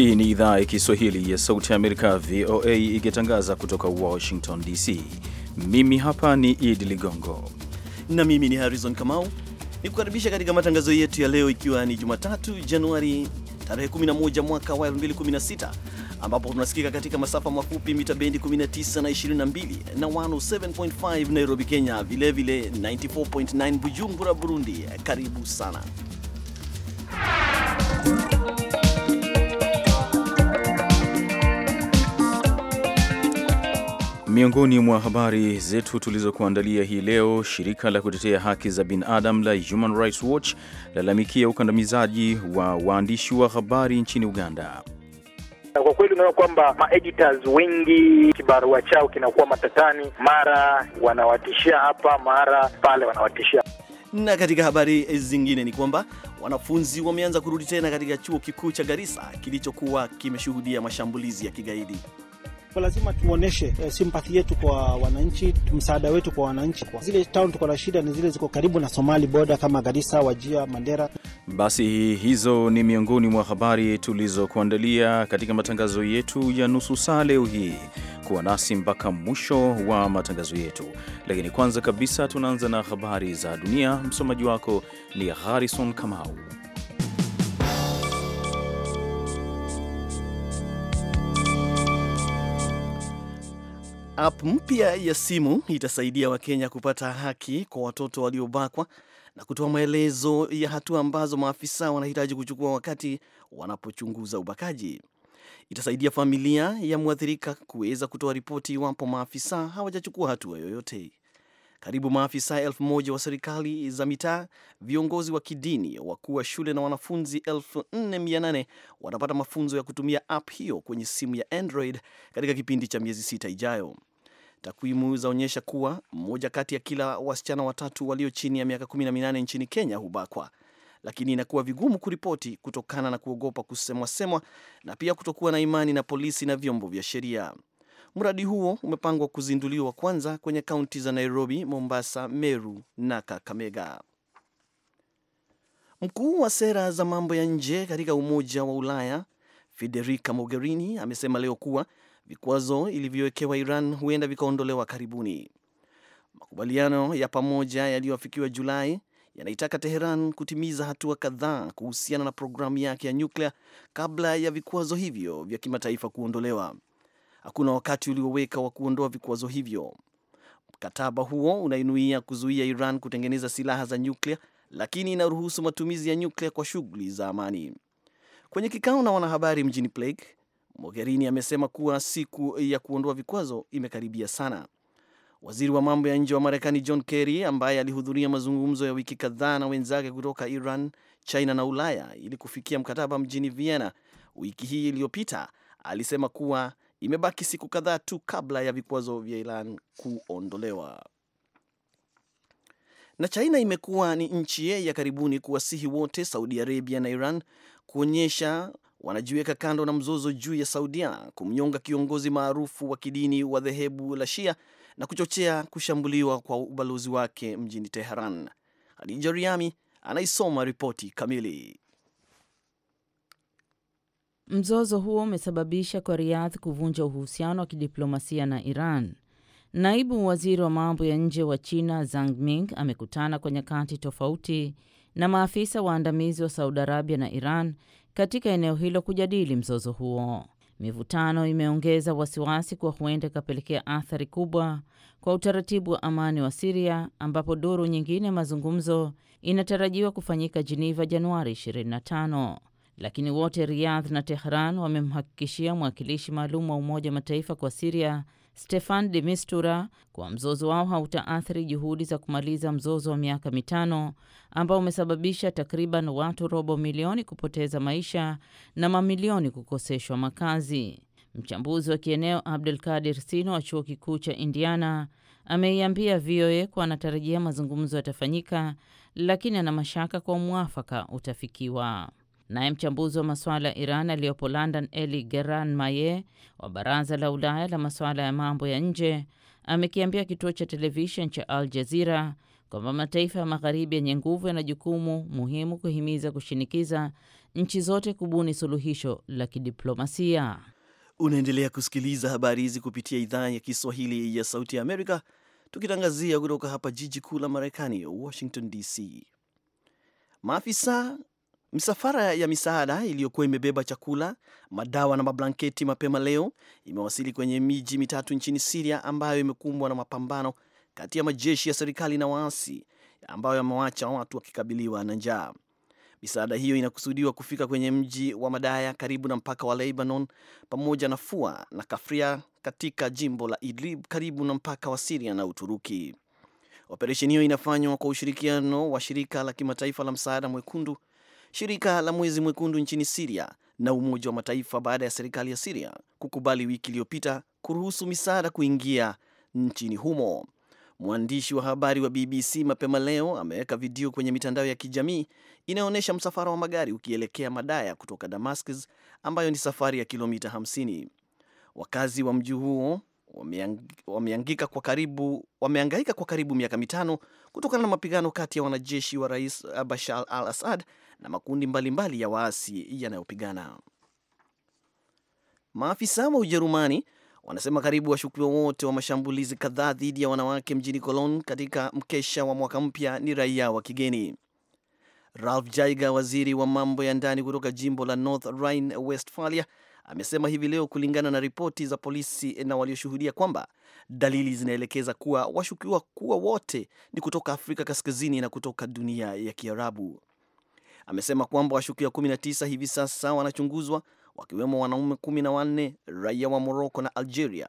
Hii ni idhaa ya Kiswahili ya Sauti ya Amerika, VOA, ikitangaza kutoka Washington DC. Mimi hapa ni Idi Ligongo na mimi ni Harrison Kamau, ni kukaribisha katika matangazo yetu ya leo, ikiwa ni Jumatatu Januari tarehe 11 mwaka wa 2016 ambapo tunasikika katika masafa mafupi mita bendi 19 na 22 na 107.5 Nairobi, Kenya, vilevile 94.9 Bujumbura, Burundi. Karibu sana Miongoni mwa habari zetu tulizokuandalia hii leo, shirika la kutetea haki za binadamu la Human Rights Watch lalamikia ukandamizaji wa waandishi wa habari nchini Uganda. Kwa kweli unaona kwamba maeditors wengi kibarua chao kinakuwa matatani, mara wanawatishia hapa, mara pale wanawatishia. Na katika habari zingine ni kwamba wanafunzi wameanza kurudi tena katika chuo kikuu cha Garissa kilichokuwa kimeshuhudia mashambulizi ya kigaidi. Kwa lazima tuoneshe e, sympathy yetu kwa wananchi, msaada wetu kwa wananchi. Kwa zile town tuko na shida ni zile ziko karibu na Somali border kama Garissa, Wajia, Mandera. Basi hizo ni miongoni mwa habari tulizokuandalia katika matangazo yetu ya nusu saa leo hii. Kuwa nasi mpaka mwisho wa matangazo yetu, lakini kwanza kabisa tunaanza na habari za dunia. Msomaji wako ni Harrison Kamau. App mpya ya simu itasaidia Wakenya kupata haki kwa watoto waliobakwa na kutoa maelezo ya hatua ambazo maafisa wanahitaji kuchukua wakati wanapochunguza ubakaji. Itasaidia familia ya mwathirika kuweza kutoa ripoti iwapo maafisa hawajachukua hatua yoyote. Karibu maafisa elfu moja wa serikali za mitaa, viongozi wa kidini, wakuu wa shule na wanafunzi elfu nne mia nane watapata mafunzo ya kutumia app hiyo kwenye simu ya Android katika kipindi cha miezi sita ijayo. Takwimu zaonyesha kuwa mmoja kati ya kila wasichana watatu walio chini ya miaka 18 nchini Kenya hubakwa, lakini inakuwa vigumu kuripoti kutokana na kuogopa kusemwasemwa na pia kutokuwa na imani na polisi na vyombo vya sheria. Mradi huo umepangwa kuzinduliwa kwanza kwenye kaunti za Nairobi, Mombasa, Meru na Kakamega. Mkuu wa sera za mambo ya nje katika Umoja wa Ulaya Federica Mogherini amesema leo kuwa vikwazo ilivyowekewa Iran huenda vikaondolewa karibuni. Makubaliano ya pamoja yaliyoafikiwa Julai yanaitaka Teheran kutimiza hatua kadhaa kuhusiana na programu yake ya nyuklia kabla ya vikwazo hivyo vya kimataifa kuondolewa. Hakuna wakati ulioweka wa kuondoa vikwazo hivyo. Mkataba huo unainuia kuzuia Iran kutengeneza silaha za nyuklia, lakini inaruhusu matumizi ya nyuklia kwa shughuli za amani. Kwenye kikao na wanahabari mjini Plague, Mogherini amesema kuwa siku ya kuondoa vikwazo imekaribia sana. Waziri wa mambo ya nje wa Marekani John Kerry, ambaye alihudhuria mazungumzo ya wiki kadhaa na wenzake kutoka Iran, China na Ulaya ili kufikia mkataba mjini Vienna wiki hii iliyopita, alisema kuwa imebaki siku kadhaa tu kabla ya vikwazo vya Iran kuondolewa. Na China imekuwa ni nchi ya karibuni kuwasihi wote Saudi Arabia na Iran kuonyesha wanajiweka kando na mzozo juu ya Saudia kumnyonga kiongozi maarufu wa kidini wa dhehebu la Shia na kuchochea kushambuliwa kwa ubalozi wake mjini Teheran. Hadija Riami anaisoma ripoti kamili. Mzozo huo umesababisha kwa Riyadh kuvunja uhusiano wa kidiplomasia na Iran. Naibu waziri wa mambo ya nje wa China Zhang Ming amekutana kwa nyakati tofauti na maafisa waandamizi wa Saudi Arabia na Iran katika eneo hilo kujadili mzozo huo. Mivutano imeongeza wasiwasi kuwa huenda ikapelekea athari kubwa kwa utaratibu wa amani wa Siria, ambapo duru nyingine ya mazungumzo inatarajiwa kufanyika Jeneva Januari 25. Lakini wote Riyadh na Tehran wamemhakikishia mwakilishi maalum wa Umoja wa Mataifa kwa Siria Stefan de Mistura kuwa mzozo wao hautaathiri juhudi za kumaliza mzozo wa miaka mitano ambao umesababisha takriban watu robo milioni kupoteza maisha na mamilioni kukoseshwa makazi. Mchambuzi wa kieneo Abdul Kadir Sino wa chuo kikuu cha Indiana ameiambia VOA kuwa anatarajia mazungumzo yatafanyika, lakini ana mashaka kwa mwafaka utafikiwa. Naye mchambuzi wa masuala ya Iran aliyopo London, Eli Geran Maye wa baraza la Ulaya la masuala ya mambo ya nje amekiambia kituo cha televishen cha Al Jazira kwamba mataifa ya magharibi yenye nguvu yana jukumu muhimu kuhimiza kushinikiza nchi zote kubuni suluhisho la kidiplomasia. Unaendelea kusikiliza habari hizi kupitia idhaa ya Kiswahili ya Sauti ya Amerika, tukitangazia kutoka hapa jiji kuu la Marekani, Washington DC. Maafisa Misafara ya misaada iliyokuwa imebeba chakula, madawa na mablanketi mapema leo imewasili kwenye miji mitatu nchini Siria ambayo imekumbwa na mapambano kati ya majeshi ya serikali na waasi ambayo yamewacha watu wakikabiliwa na njaa. Misaada hiyo inakusudiwa kufika kwenye mji wa Madaya karibu na mpaka wa Lebanon, pamoja na Fua na Kafria katika jimbo la Idlib karibu na mpaka wa Siria na Uturuki. Operesheni hiyo inafanywa kwa ushirikiano wa shirika la kimataifa la msaada mwekundu shirika la Mwezi Mwekundu nchini Siria na Umoja wa Mataifa baada ya serikali ya Siria kukubali wiki iliyopita kuruhusu misaada kuingia nchini humo. Mwandishi wa habari wa BBC mapema leo ameweka video kwenye mitandao ya kijamii inayoonyesha msafara wa magari ukielekea Madaya kutoka Damascus, ambayo ni safari ya kilomita 50. Wakazi wa mji huo wameangaika kwa karibu, wameangaika kwa karibu miaka mitano kutokana na mapigano kati ya wanajeshi wa Rais Bashar al Assad na makundi mbalimbali mbali ya waasi yanayopigana. Maafisa wa Ujerumani wanasema karibu washukiwa wote wa mashambulizi kadhaa dhidi ya wanawake mjini Cologne katika mkesha wa mwaka mpya ni raia wa kigeni. Ralf Jaiger, waziri wa mambo ya ndani kutoka jimbo la North Rhine Westphalia, amesema hivi leo, kulingana na ripoti za polisi na walioshuhudia, kwamba dalili zinaelekeza kuwa washukiwa kuwa wote ni kutoka Afrika Kaskazini na kutoka dunia ya Kiarabu amesema kwamba washukiwa 19 hivi sasa wanachunguzwa wakiwemo wanaume 1 na raia wa Moroko na Algeria.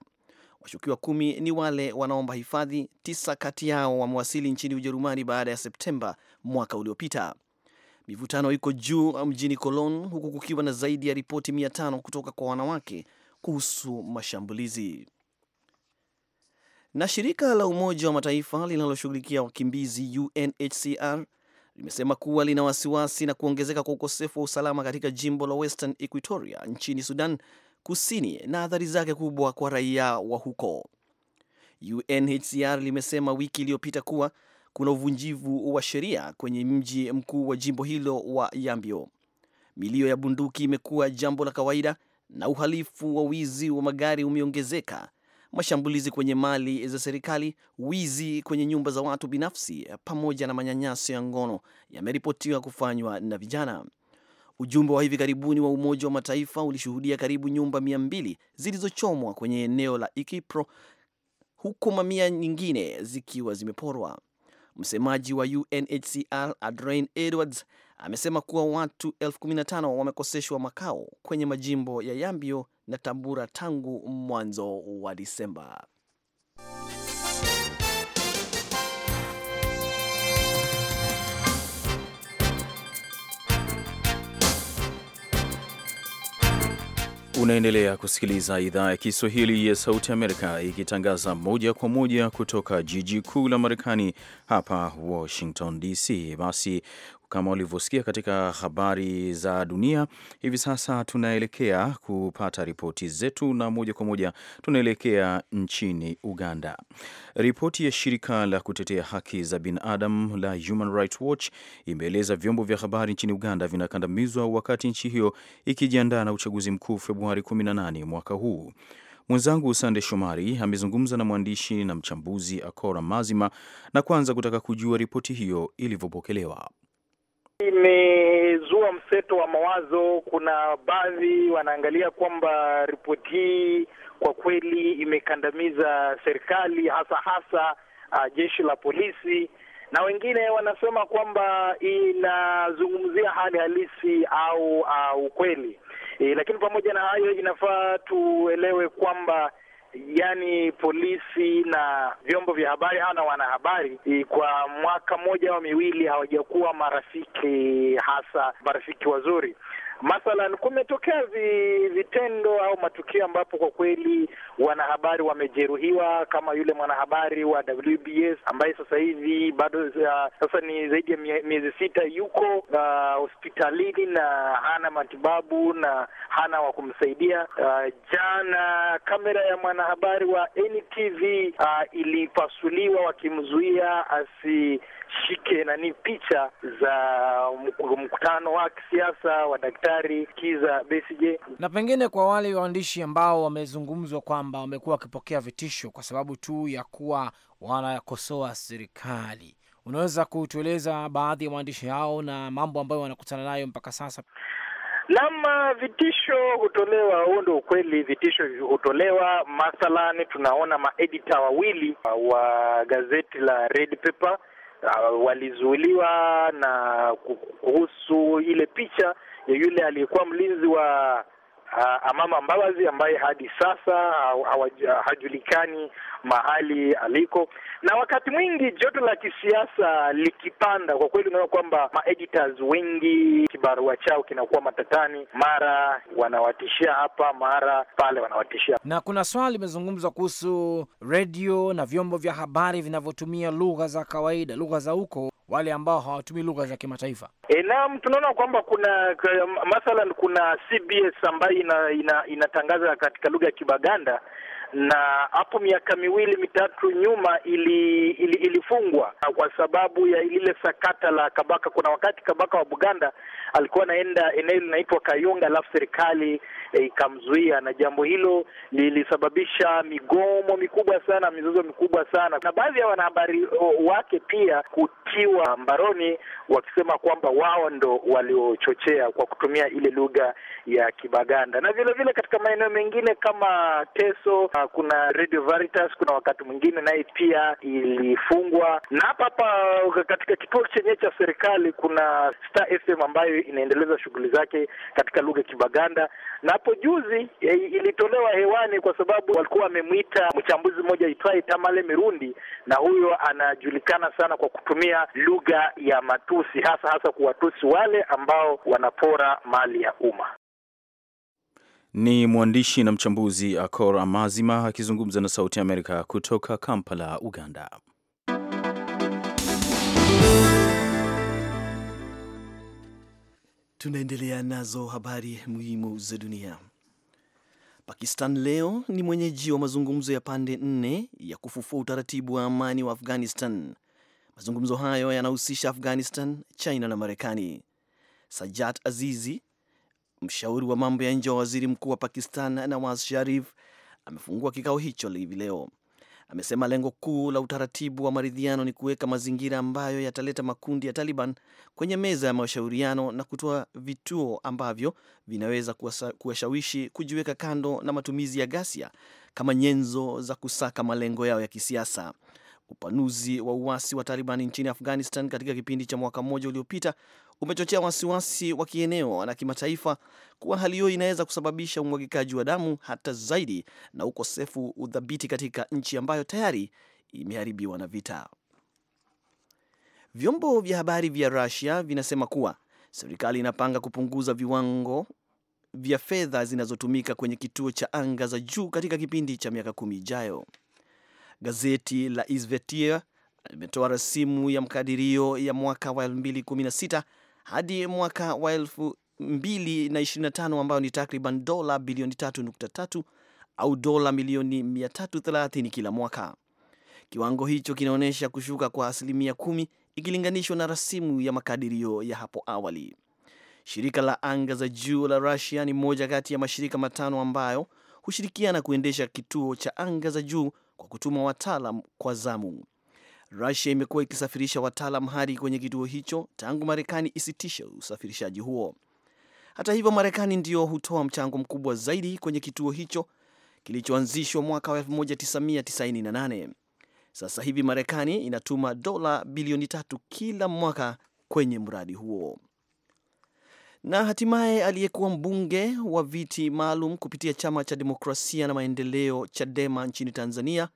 Washukiwa kumi ni wale wanaomba hifadhi, tisa kati yao wamewasili nchini Ujerumani baada ya Septemba mwaka uliopita. Mivutano iko juu mjini Cologne huku kukiwa na zaidi ya ripoti mia tano kutoka kwa wanawake kuhusu mashambulizi. Na shirika la Umoja wa Mataifa linaloshughulikia wakimbizi UNHCR limesema kuwa lina wasiwasi na kuongezeka kwa ukosefu wa usalama katika jimbo la Western Equatoria nchini Sudan Kusini na athari zake kubwa kwa raia wa huko. UNHCR limesema wiki iliyopita kuwa kuna uvunjivu wa sheria kwenye mji mkuu wa jimbo hilo wa Yambio. Milio ya bunduki imekuwa jambo la kawaida na uhalifu wa wizi wa magari umeongezeka mashambulizi kwenye mali za serikali, wizi kwenye nyumba za watu binafsi, pamoja na manyanyaso ya ngono yameripotiwa kufanywa na vijana. Ujumbe wa hivi karibuni wa Umoja wa Mataifa ulishuhudia karibu nyumba mia mbili zilizochomwa kwenye eneo la Ikipro huku mamia nyingine zikiwa zimeporwa. Msemaji wa UNHCR Adrian Edwards amesema kuwa watu 15 wamekoseshwa makao kwenye majimbo ya Yambio na Tambura tangu mwanzo wa Disemba. Unaendelea kusikiliza idhaa ya Kiswahili ya Sauti Amerika ikitangaza moja kwa moja kutoka jiji kuu la Marekani hapa Washington DC. Basi kama ulivyosikia katika habari za dunia, hivi sasa tunaelekea kupata ripoti zetu, na moja kwa moja tunaelekea nchini Uganda. Ripoti ya shirika la kutetea haki za binadamu la Human Rights Watch imeeleza vyombo vya habari nchini Uganda vinakandamizwa wakati nchi hiyo ikijiandaa na uchaguzi mkuu Februari 18 mwaka huu. Mwenzangu Sande Shomari amezungumza na mwandishi na mchambuzi Akora Mazima na kwanza kutaka kujua ripoti hiyo ilivyopokelewa imezua mseto wa mawazo. Kuna baadhi wanaangalia kwamba ripoti hii kwa kweli imekandamiza serikali, hasa hasa uh, jeshi la polisi, na wengine wanasema kwamba inazungumzia hali halisi au uh, ukweli e, lakini pamoja na hayo inafaa tuelewe kwamba yani polisi na vyombo vya habari hawa na wanahabari kwa mwaka mmoja au miwili hawajakuwa marafiki, hasa marafiki wazuri. Mathalan, kumetokea vi, vitendo au matukio ambapo kwa kweli wanahabari wamejeruhiwa, kama yule mwanahabari wa WBS ambaye sasa hivi bado za, uh, sasa ni zaidi ya miezi sita yuko uh, hospitalini na hana matibabu na hana wa kumsaidia. Uh, jana kamera ya mwanahabari wa NTV uh, ilipasuliwa wakimzuia asishike nani picha za mkutano wa kisiasa wa daktari Daktari Kiza Besigye. Na pengine kwa wale waandishi ambao wamezungumzwa kwamba wamekuwa wakipokea vitisho kwa sababu tu ya kuwa wanakosoa serikali, unaweza kutueleza baadhi ya waandishi hao na mambo ambayo wanakutana nayo mpaka sasa? Naam, vitisho hutolewa, huo ndio ukweli. Vitisho hutolewa, mathalani tunaona maedita wawili wa gazeti la Red Pepper Uh, walizuiliwa na kuhusu ile picha ya yule aliyekuwa mlinzi wa uh, Amama Mbabazi ambaye hadi sasa hajulikani mahali aliko. Na wakati mwingi joto la kisiasa likipanda, kwa kweli unaona kwamba maeditors wengi kibarua chao kinakuwa matatani, mara wanawatishia hapa, mara pale wanawatishia. Na kuna swala limezungumzwa kuhusu redio na vyombo vya habari vinavyotumia lugha za kawaida, lugha za huko wale ambao hawatumii lugha za kimataifa. E, naam, tunaona kwamba kuna mathalan kuna CBS ambayo ina, ina, inatangaza katika lugha ya Kibaganda na hapo miaka miwili mitatu nyuma ili, ili, ilifungwa kwa sababu ya lile sakata la Kabaka. Kuna wakati Kabaka wa Buganda alikuwa anaenda eneo linaitwa Kayunga, alafu serikali eh, ikamzuia e, na jambo hilo lilisababisha migomo mikubwa sana, mizozo mikubwa sana, na baadhi ya wanahabari wake pia kutiwa mbaroni wakisema kwamba wao ndo waliochochea kwa kutumia ile lugha ya Kibaganda, na vilevile vile katika maeneo mengine kama Teso kuna Radio Veritas, kuna wakati mwingine naye pia ilifungwa. Na hapa hapa katika kituo chenyewe cha serikali kuna Star FM ambayo inaendeleza shughuli zake katika lugha Kibaganda, na hapo juzi e, ilitolewa hewani kwa sababu walikuwa wamemwita mchambuzi mmoja aitwaye Tamale Mirundi, na huyo anajulikana sana kwa kutumia lugha ya matusi, hasa hasa kuwatusi wale ambao wanapora mali ya umma. Ni mwandishi na mchambuzi Akor uh, Amazima akizungumza na Sauti ya Amerika kutoka Kampala, Uganda. Tunaendelea nazo habari muhimu za dunia. Pakistan leo ni mwenyeji wa mazungumzo ya pande nne ya kufufua utaratibu wa amani wa Afghanistan. Mazungumzo hayo yanahusisha Afghanistan, China na Marekani. Sajat Azizi, Mshauri wa mambo ya nje wa waziri mkuu wa Pakistan Nawaz Sharif amefungua kikao hicho hivi leo. Amesema lengo kuu la utaratibu wa maridhiano ni kuweka mazingira ambayo yataleta makundi ya Taliban kwenye meza ya mashauriano na kutoa vituo ambavyo vinaweza kuwashawishi kujiweka kando na matumizi ya ghasia kama nyenzo za kusaka malengo yao ya kisiasa. Upanuzi wa uasi wa Taliban nchini Afghanistan katika kipindi cha mwaka mmoja uliopita umechochea wasiwasi wa kieneo na kimataifa kuwa hali hiyo inaweza kusababisha umwagikaji wa damu hata zaidi na ukosefu udhabiti katika nchi ambayo tayari imeharibiwa na vita. Vyombo vya habari vya Russia vinasema kuwa serikali inapanga kupunguza viwango vya fedha zinazotumika kwenye kituo cha anga za juu katika kipindi cha miaka kumi ijayo. Gazeti la Izvestia limetoa rasimu ya makadirio ya mwaka wa hadi mwaka wa 2025 ambayo ni takriban dola bilioni 3.3 au dola milioni 330 kila mwaka. Kiwango hicho kinaonyesha kushuka kwa asilimia kumi ikilinganishwa na rasimu ya makadirio ya hapo awali. Shirika la anga za juu la Russia ni moja kati ya mashirika matano ambayo hushirikiana kuendesha kituo cha anga za juu kwa kutuma wataalam kwa zamu. Rusia imekuwa ikisafirisha wataalam hadi kwenye kituo hicho tangu Marekani isitishe usafirishaji huo. Hata hivyo, Marekani ndiyo hutoa mchango mkubwa zaidi kwenye kituo hicho kilichoanzishwa mwaka wa 1998. Sasa hivi Marekani inatuma dola bilioni tatu kila mwaka kwenye mradi huo. Na hatimaye aliyekuwa mbunge wa viti maalum kupitia chama cha demokrasia na maendeleo Chadema nchini Tanzania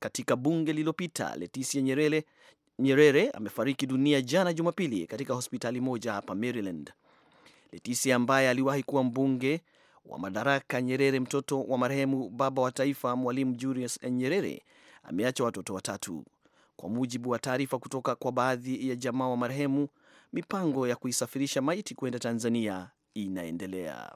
katika bunge lililopita. letisia Nyerere, Nyerere amefariki dunia jana Jumapili katika hospitali moja hapa Maryland. letisia ambaye aliwahi kuwa mbunge wa madaraka Nyerere, mtoto wa marehemu baba wa taifa Mwalimu Julius Nyerere, ameacha watoto watatu. Kwa mujibu wa taarifa kutoka kwa baadhi ya jamaa wa marehemu, mipango ya kuisafirisha maiti kwenda Tanzania inaendelea.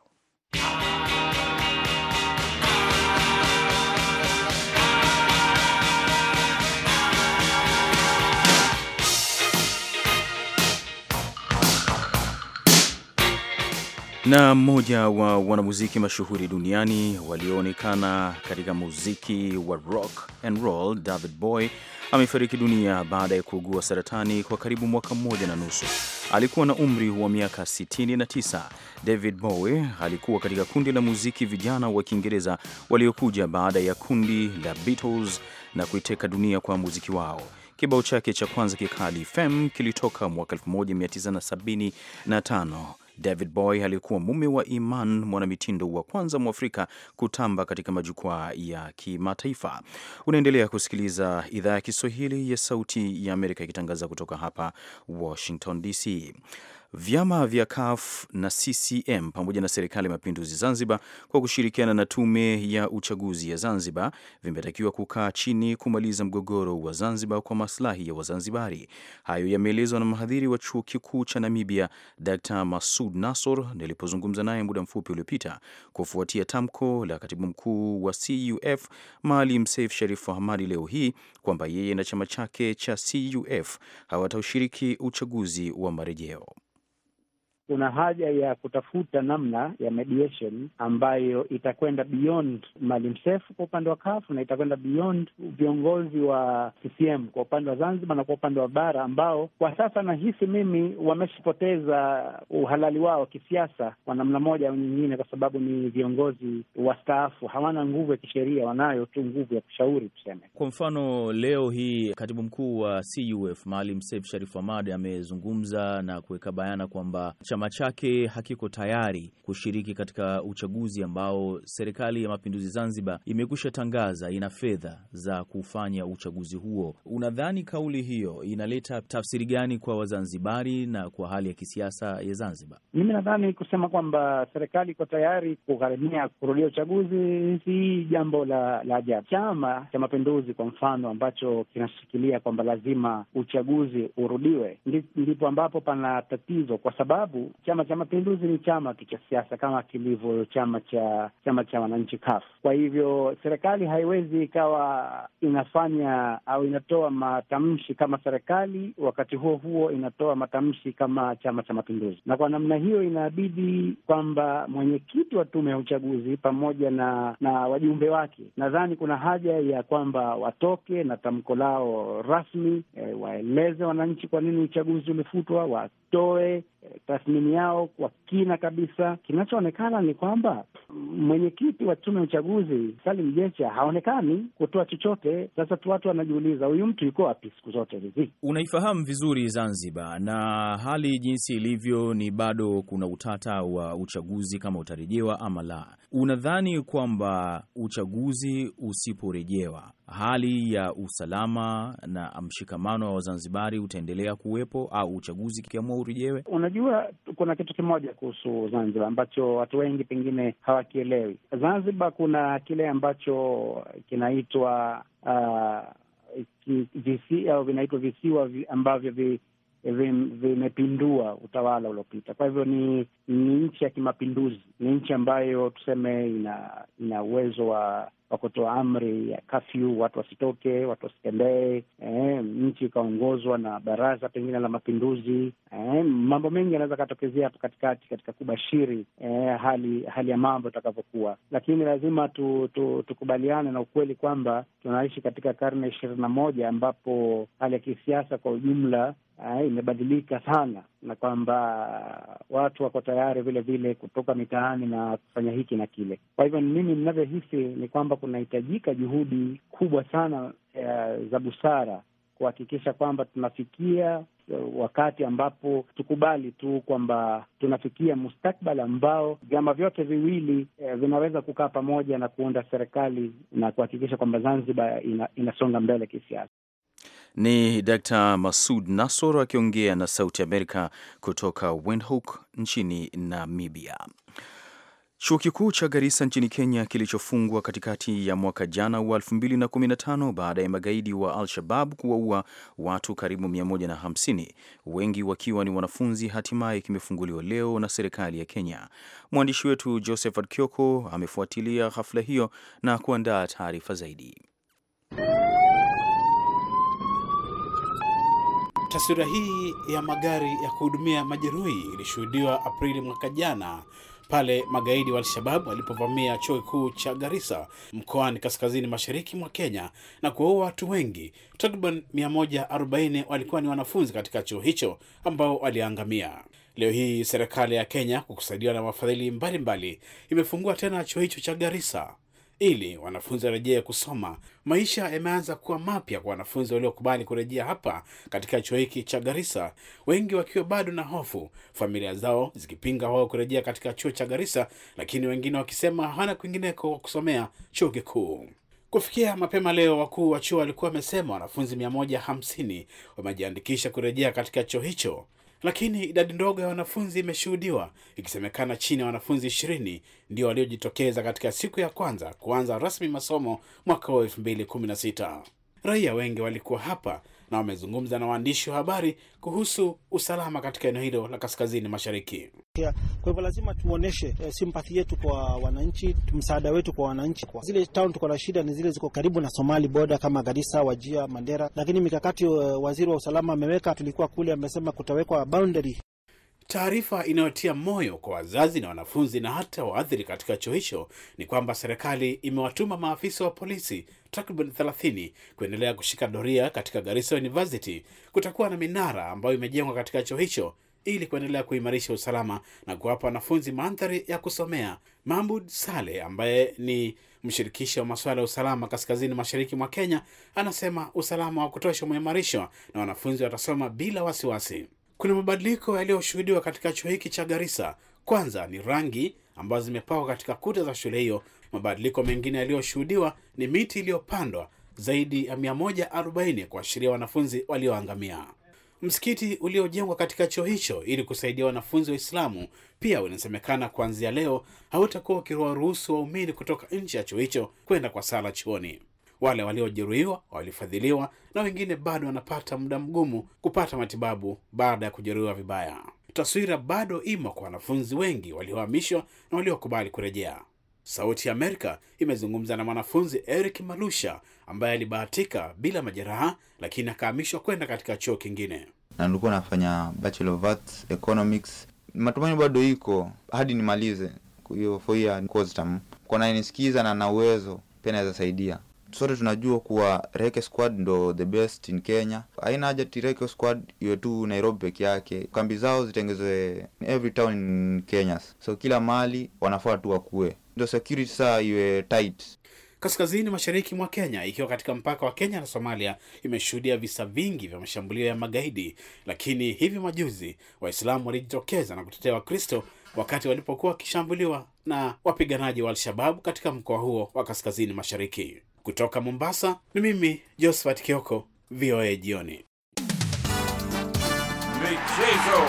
na mmoja wa wanamuziki mashuhuri duniani walioonekana katika muziki wa rock and roll, David Bowie amefariki dunia baada ya kuugua saratani kwa karibu mwaka mmoja na nusu. Alikuwa na umri wa miaka 69. David Bowie alikuwa katika kundi la muziki vijana wa Kiingereza waliokuja baada ya kundi la Beatles na kuiteka dunia kwa muziki wao. Kibao chake cha kwanza kikali Fame kilitoka mwaka 1975 David Boy aliyekuwa mume wa Iman, mwanamitindo wa kwanza mwafrika kutamba katika majukwaa ya kimataifa. Unaendelea kusikiliza idhaa ya Kiswahili ya Sauti ya Amerika ikitangaza kutoka hapa Washington DC. Vyama vya caf na CCM pamoja na serikali ya mapinduzi Zanzibar kwa kushirikiana na tume ya uchaguzi ya Zanzibar vimetakiwa kukaa chini kumaliza mgogoro wa Zanzibar kwa maslahi ya Wazanzibari. Hayo yameelezwa na mhadhiri wa chuo kikuu cha Namibia, Dr Masud Nasor, nilipozungumza naye muda mfupi uliopita kufuatia tamko la katibu mkuu wa CUF Maalim Seif Sharif Hamadi leo hii kwamba yeye na chama chake cha CUF hawataushiriki uchaguzi wa marejeo kuna haja ya kutafuta namna ya mediation ambayo itakwenda beyond Maalim Seif kwa upande wa kafu na itakwenda beyond viongozi wa CCM kwa upande wa Zanzibar na kwa upande wa bara ambao kwa sasa nahisi mimi wameshapoteza uhalali wao wa kisiasa kwa namna moja au nyingine, kwa sababu ni viongozi wastaafu, hawana nguvu ya kisheria, wanayo tu nguvu ya kushauri tuseme. Kwa mfano leo hii katibu mkuu wa CUF Maalim Seif Sharif Hamad amezungumza na kuweka bayana kwamba chama chake hakiko tayari kushiriki katika uchaguzi ambao serikali ya mapinduzi Zanzibar imekwisha tangaza ina fedha za kufanya uchaguzi huo. Unadhani kauli hiyo inaleta tafsiri gani kwa Wazanzibari na kwa hali ya kisiasa ya Zanzibar? Mimi nadhani kusema kwamba serikali iko tayari kugharimia kurudia uchaguzi si jambo la la ajabu. Chama cha Mapinduzi kwa mfano, ambacho kinashikilia kwamba lazima uchaguzi urudiwe, ndipo ambapo pana tatizo, kwa sababu Chama cha Mapinduzi ni chama cha siasa kama kilivyo chama cha chama cha wananchi kafu. Kwa hivyo serikali haiwezi ikawa inafanya au inatoa matamshi kama serikali, wakati huo huo inatoa matamshi kama chama cha mapinduzi, na kwa namna hiyo inabidi kwamba mwenyekiti wa tume ya uchaguzi pamoja na na wajumbe wake, nadhani kuna haja ya kwamba watoke na tamko lao rasmi, e, waeleze wananchi kwa nini uchaguzi ulifutwa wa watoe eh, tathmini yao kwa kina kabisa. Kinachoonekana ni kwamba mwenyekiti wa tume ya uchaguzi Salim Jecha haonekani kutoa chochote. Sasa tu watu wanajiuliza huyu mtu yuko wapi siku zote hizi? Unaifahamu vizuri Zanzibar na hali jinsi ilivyo, ni bado kuna utata wa uchaguzi kama utarejewa ama la. Unadhani kwamba uchaguzi usiporejewa hali ya usalama na mshikamano wa Wazanzibari utaendelea kuwepo au uchaguzi kiamua urejewe? Unajua, kuna kitu kimoja kuhusu Zanzibar ambacho watu wengi pengine hawakielewi. Zanzibar kuna kile ambacho kinaitwa uh, visi, au vinaitwa visiwa ambavyo vi, vimepindua utawala uliopita. Kwa hivyo ni ni nchi ya kimapinduzi, ni nchi ambayo tuseme ina ina uwezo wa wa kutoa amri ya kafyu, watu wasitoke, watu wasitembee, eh, nchi ikaongozwa na baraza pengine la mapinduzi. Eh, mambo mengi yanaweza akatokezea hapo katikati katika kubashiri eh, hali hali ya mambo itakavyokuwa, lakini lazima tu, tu, tukubaliane na ukweli kwamba tunaishi katika karne ishirini na moja ambapo hali ya kisiasa kwa ujumla eh, imebadilika sana na kwamba watu wako tayari vile vile kutoka mitaani na kufanya hiki na kile. Kwa hivyo mimi ninavyohisi ni kwamba kwamba kunahitajika juhudi kubwa sana uh, za busara kuhakikisha kwamba tunafikia eh, wakati ambapo tukubali tu kwamba tunafikia mustakbali ambao vyama vyote viwili eh, vinaweza kukaa pamoja na kuunda serikali na kuhakikisha kwamba Zanzibar ina, inasonga mbele kisiasa. Ni Dr. Masud Nasor akiongea na Sauti Amerika kutoka Windhoek nchini Namibia. Chuo kikuu cha Garissa nchini Kenya kilichofungwa katikati ya mwaka jana wa 2015 baada ya magaidi wa Al-Shabab kuwaua watu karibu 150 wengi wakiwa ni wanafunzi, hatimaye kimefunguliwa leo na serikali ya Kenya. Mwandishi wetu Josephat Kioko amefuatilia hafla hiyo na kuandaa taarifa zaidi. Taswira hii ya magari ya kuhudumia majeruhi ilishuhudiwa Aprili mwaka jana pale magaidi wa Al-Shabab walipovamia chuo kikuu cha Garissa mkoani kaskazini mashariki mwa Kenya na kuwaua watu wengi takriban 140 walikuwa ni wanafunzi katika chuo hicho ambao waliangamia. Leo hii serikali ya Kenya kwa kusaidiwa na wafadhili mbalimbali imefungua tena chuo hicho cha Garissa ili wanafunzi warejee kusoma. Maisha yameanza kuwa mapya kwa wanafunzi waliokubali kurejea hapa katika chuo hiki cha Garissa, wengi wakiwa bado na hofu, familia zao zikipinga wao kurejea katika chuo cha Garissa, lakini wengine wakisema hawana kwingineko kusomea chuo kikuu. Kufikia mapema leo, wakuu wa chuo walikuwa wamesema wanafunzi 150 wamejiandikisha kurejea katika chuo hicho lakini idadi ndogo ya wanafunzi imeshuhudiwa ikisemekana chini ya wanafunzi ishirini ndio waliojitokeza katika siku ya kwanza kuanza rasmi masomo mwaka wa elfu mbili kumi na sita. Raia wengi walikuwa hapa na wamezungumza na waandishi wa habari kuhusu usalama katika eneo hilo la kaskazini mashariki. Kwa hivyo lazima tuonyeshe e, eh, simpathi yetu kwa wananchi, msaada wetu kwa wananchi. Kwa zile town tuko na shida ni zile ziko karibu na Somali boda kama Garissa, Wajia, Mandera, lakini mikakati e, waziri wa usalama ameweka, tulikuwa kule, amesema kutawekwa boundary Taarifa inayotia moyo kwa wazazi na wanafunzi na hata waadhiri katika chuo hicho ni kwamba serikali imewatuma maafisa wa polisi takriban 30 kuendelea kushika doria katika Garissa University. Kutakuwa na minara ambayo imejengwa katika chuo hicho ili kuendelea kuimarisha usalama na kuwapa wanafunzi mandhari ya kusomea. Mahmud Sale ambaye ni mshirikisho wa masuala ya usalama kaskazini mashariki mwa Kenya anasema usalama wa kutosha umeimarishwa na wanafunzi watasoma bila wasiwasi wasi. Kuna mabadiliko yaliyoshuhudiwa katika chuo hiki cha Garissa. Kwanza ni rangi ambazo zimepakwa katika kuta za shule hiyo. Mabadiliko mengine yaliyoshuhudiwa ni miti iliyopandwa zaidi ya 140 kuashiria wanafunzi walioangamia. Msikiti uliojengwa katika chuo hicho ili kusaidia wanafunzi wa islamu pia unasemekana kuanzia leo hautakuwa ukiruhusu waumini kutoka nje ya chuo hicho kwenda kwa sala chuoni. Wale waliojeruhiwa walifadhiliwa na wengine bado wanapata muda mgumu kupata matibabu baada ya kujeruhiwa vibaya. Taswira bado imo kwa wanafunzi wengi waliohamishwa na waliokubali kurejea. Sauti ya Amerika imezungumza na mwanafunzi Eric Malusha ambaye alibahatika bila majeraha, lakini akahamishwa kwenda katika chuo kingine. na nilikuwa nafanya Bachelor of Arts Economics. Matumaini bado iko hadi nimalize hiyo foia costam, kwa nanisikiza na na uwezo pia naweza saidia sote tunajua kuwa Reke Squad ndo the best in Kenya. Haina haja Reke Squad iwe tu Nairobi peke yake, kambi zao zitengezwe every town in Kenya, so kila mali wanafaa tu wakue, ndo security saa iwe tight. Kaskazini mashariki mwa Kenya, ikiwa katika mpaka wa Kenya na Somalia, imeshuhudia visa vingi vya mashambulio ya magaidi, lakini hivi majuzi Waislamu walijitokeza na kutetea Wakristo wakati walipokuwa wakishambuliwa na wapiganaji wa Al-Shababu katika mkoa huo wa kaskazini mashariki. Kutoka Mombasa ni mimi Josephat Kioko, VOA Jioni. Michezo.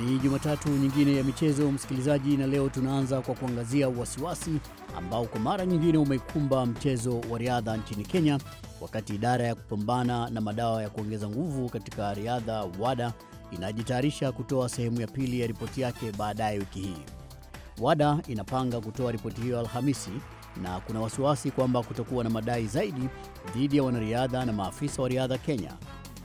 Ni Jumatatu nyingine ya michezo, msikilizaji, na leo tunaanza kwa kuangazia wasiwasi ambao kwa mara nyingine umekumba mchezo wa riadha nchini Kenya, wakati idara ya kupambana na madawa ya kuongeza nguvu katika riadha WADA inajitayarisha kutoa sehemu ya pili ya ripoti yake baadaye wiki hii. WADA inapanga kutoa ripoti hiyo Alhamisi na kuna wasiwasi kwamba kutakuwa na madai zaidi dhidi ya wanariadha na maafisa wa riadha Kenya.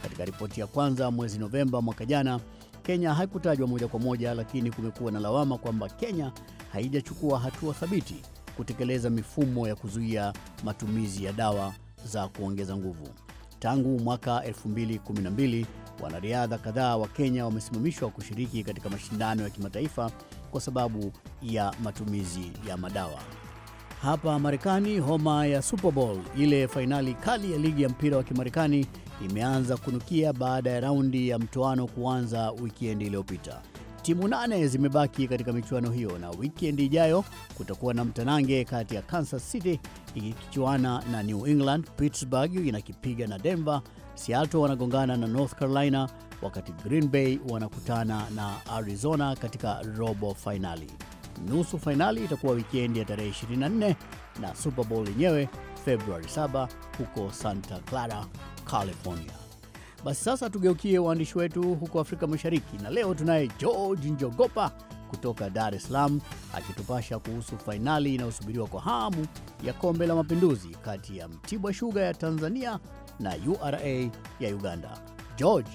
Katika ripoti ya kwanza mwezi Novemba mwaka jana, Kenya haikutajwa moja kwa moja, lakini kumekuwa na lawama kwamba Kenya haijachukua hatua thabiti kutekeleza mifumo ya kuzuia matumizi ya dawa za kuongeza nguvu tangu mwaka Wanariadha kadhaa wa Kenya wamesimamishwa kushiriki katika mashindano ya kimataifa kwa sababu ya matumizi ya madawa. Hapa Marekani, homa ya Super Bowl, ile fainali kali ya ligi ya mpira wa Kimarekani, imeanza kunukia baada ya raundi ya mtoano kuanza wikendi iliyopita. Timu nane zimebaki katika michuano hiyo, na wikendi ijayo kutakuwa na mtanange kati ya Kansas City ikichuana na New England, Pittsburgh inakipiga na Denver, Seattle wanagongana na North Carolina, wakati Green Bay wanakutana na Arizona katika robo fainali. Nusu fainali itakuwa wikendi ya tarehe 24 na Super Bowl yenyewe Februari 7 huko Santa Clara, California. Basi sasa tugeukie waandishi wetu huko Afrika Mashariki, na leo tunaye George Njogopa kutoka Dar es Salaam akitupasha kuhusu fainali inayosubiriwa kwa hamu ya Kombe la Mapinduzi kati ya Mtibwa Shuga ya Tanzania na URA ya Uganda. George,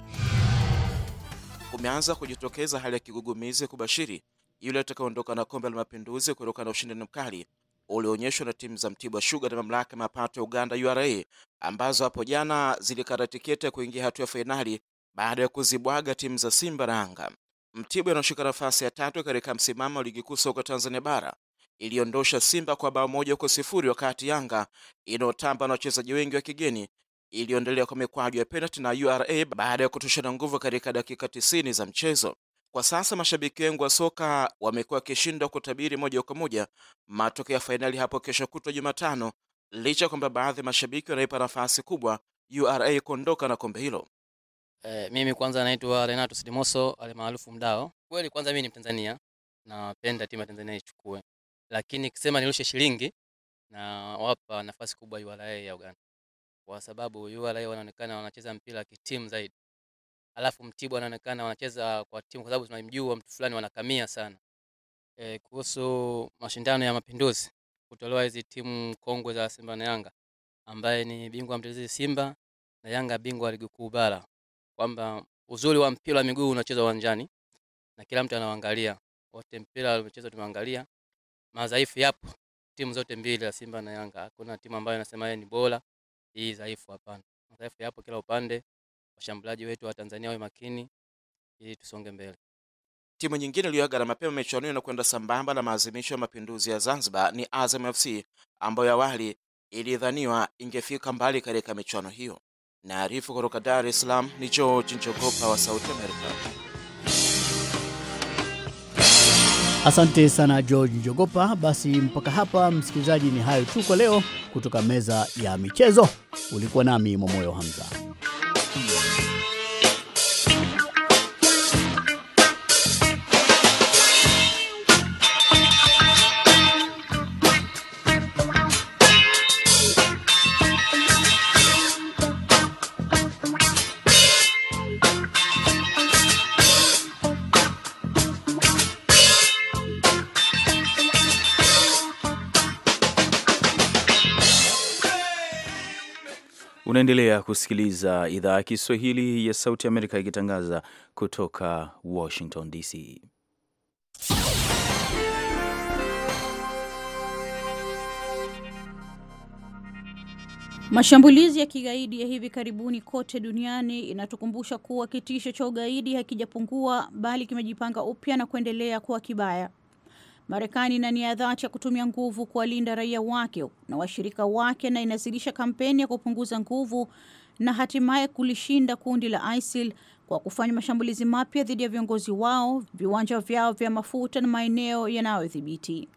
kumeanza kujitokeza hali ya kigugumizi kubashiri yule atakaondoka na Kombe la Mapinduzi kutokana na ushindani mkali ulioonyeshwa na timu za Mtibwa Sugar na mamlaka ya mapato ya Uganda URA ambazo hapo jana zilikata tiketi ya kuingia hatua ya fainali baada ya kuzibwaga timu za Simba na Yanga. Mtibwa inashika nafasi ya tatu katika msimamo wa ligi kuu soka Tanzania bara iliondosha Simba kwa bao moja kwa sifuri wakati Yanga inayotamba na wachezaji wengi wa kigeni iliondolewa kwa mikwaju ya penalti na URA baada ya kutoshana nguvu katika dakika tisini za mchezo. Kwa sasa mashabiki wengi wa soka wamekuwa wakishindwa kutabiri moja kwa moja matokeo ya fainali hapo kesho kutwa Jumatano, licha kwamba baadhi ya mashabiki wanaipa nafasi kubwa URA kuondoka na kombe hilo. E, mimi kwanza naitwa Renatus Dimoso alimaarufu Mdao. Kweli kwanza mimi ni Mtanzania, napenda timu ya Tanzania ichukue, lakini kisema nirushe shilingi na wapa nafasi kubwa URA ya Uganda, kwa sababu URA wanaonekana wanacheza mpira kitimu zaidi alafu Mtibwa anaonekana wanacheza kwa timu, kwa sababu tunamjua mtu fulani wanakamia sana. E, kuhusu mashindano ya Mapinduzi kutolewa hizi timu kongwe za Simba na Yanga ambaye ni bingwa mtetezi Simba na Yanga bingwa wa ligi kuu bara, kwamba uzuri wa mpira wa miguu unachezwa uwanjani na kila mtu anaangalia, wote mpira umechezwa, tumeangalia madhaifu yapo timu zote mbili za Simba na Yanga. Hakuna timu ambayo inasema yeye ni bora, hii dhaifu, hapana. Madhaifu yapo kila upande washambuliaji wetu wa Tanzania wawe makini ili tusonge mbele. Timu nyingine iliyoagala mapema michuano na kwenda sambamba na maazimisho ya mapinduzi ya Zanzibar ni Azam FC ambayo awali ilidhaniwa ingefika mbali katika michuano hiyo. Naarifu kutoka Dar es Salaam ni George Njogopa wa Sauti Amerika. Asante sana George Njogopa. Basi mpaka hapa, msikilizaji, ni hayo tu kwa leo kutoka meza ya michezo. Ulikuwa nami Momoyo Hamza. Thank Unaendelea kusikiliza idhaa ya Kiswahili ya Sauti ya Amerika ikitangaza kutoka Washington DC. Mashambulizi ya kigaidi ya hivi karibuni kote duniani inatukumbusha kuwa kitisho cha ugaidi hakijapungua bali kimejipanga upya na kuendelea kuwa kibaya. Marekani ina nia dhati ya kutumia nguvu kuwalinda raia wake na washirika wake na inazidisha kampeni ya kupunguza nguvu na hatimaye kulishinda kundi la ISIL kwa kufanya mashambulizi mapya dhidi ya viongozi wao, viwanja vyao vya mafuta na maeneo yanayodhibiti.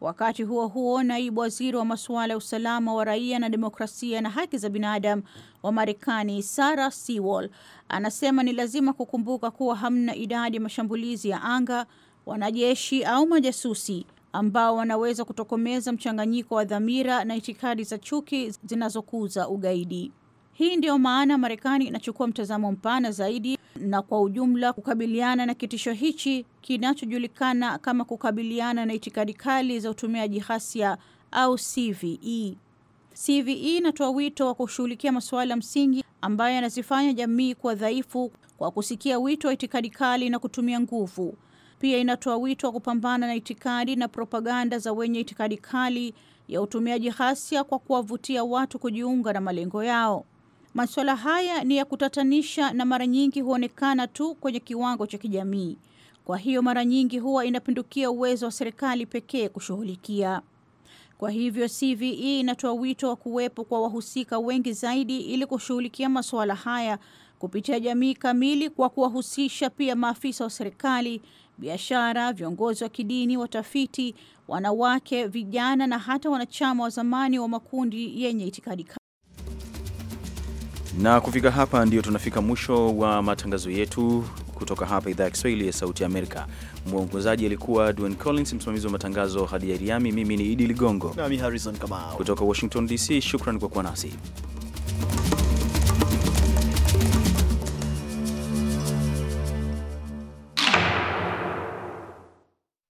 Wakati huo huo, naibu waziri wa masuala ya usalama wa raia na demokrasia na haki za binadamu wa Marekani Sarah Sewall anasema ni lazima kukumbuka kuwa hamna idadi ya mashambulizi ya anga wanajeshi au majasusi ambao wanaweza kutokomeza mchanganyiko wa dhamira na itikadi za chuki zinazokuza ugaidi. Hii ndiyo maana Marekani inachukua mtazamo mpana zaidi na kwa ujumla kukabiliana na kitisho hichi kinachojulikana kama kukabiliana na itikadi kali za utumiaji hasia au CVE. CVE inatoa wito wa kushughulikia masuala msingi ambayo yanazifanya jamii kuwa dhaifu kwa kusikia wito wa itikadi kali na kutumia nguvu pia inatoa wito wa kupambana na itikadi na propaganda za wenye itikadi kali ya utumiaji ghasia kwa kuwavutia watu kujiunga na malengo yao. Masuala haya ni ya kutatanisha na mara nyingi huonekana tu kwenye kiwango cha kijamii. Kwa hiyo mara nyingi huwa inapindukia uwezo wa serikali pekee kushughulikia. Kwa hivyo CVE inatoa wito wa kuwepo kwa wahusika wengi zaidi ili kushughulikia masuala haya kupitia jamii kamili kwa kuwahusisha pia maafisa wa serikali, biashara, viongozi wa kidini, watafiti, wanawake, vijana na hata wanachama wa zamani wa makundi yenye itikadi kali. Na kufika hapa ndio tunafika mwisho wa matangazo yetu kutoka hapa idhaa ya Kiswahili ya Sauti Amerika. Mwongozaji alikuwa Dwayne Collins, msimamizi wa matangazo hadi ya Riami. Mimi ni Idi Ligongo nami Harrison Kamau kutoka Washington DC. Shukran kwa kuwa nasi.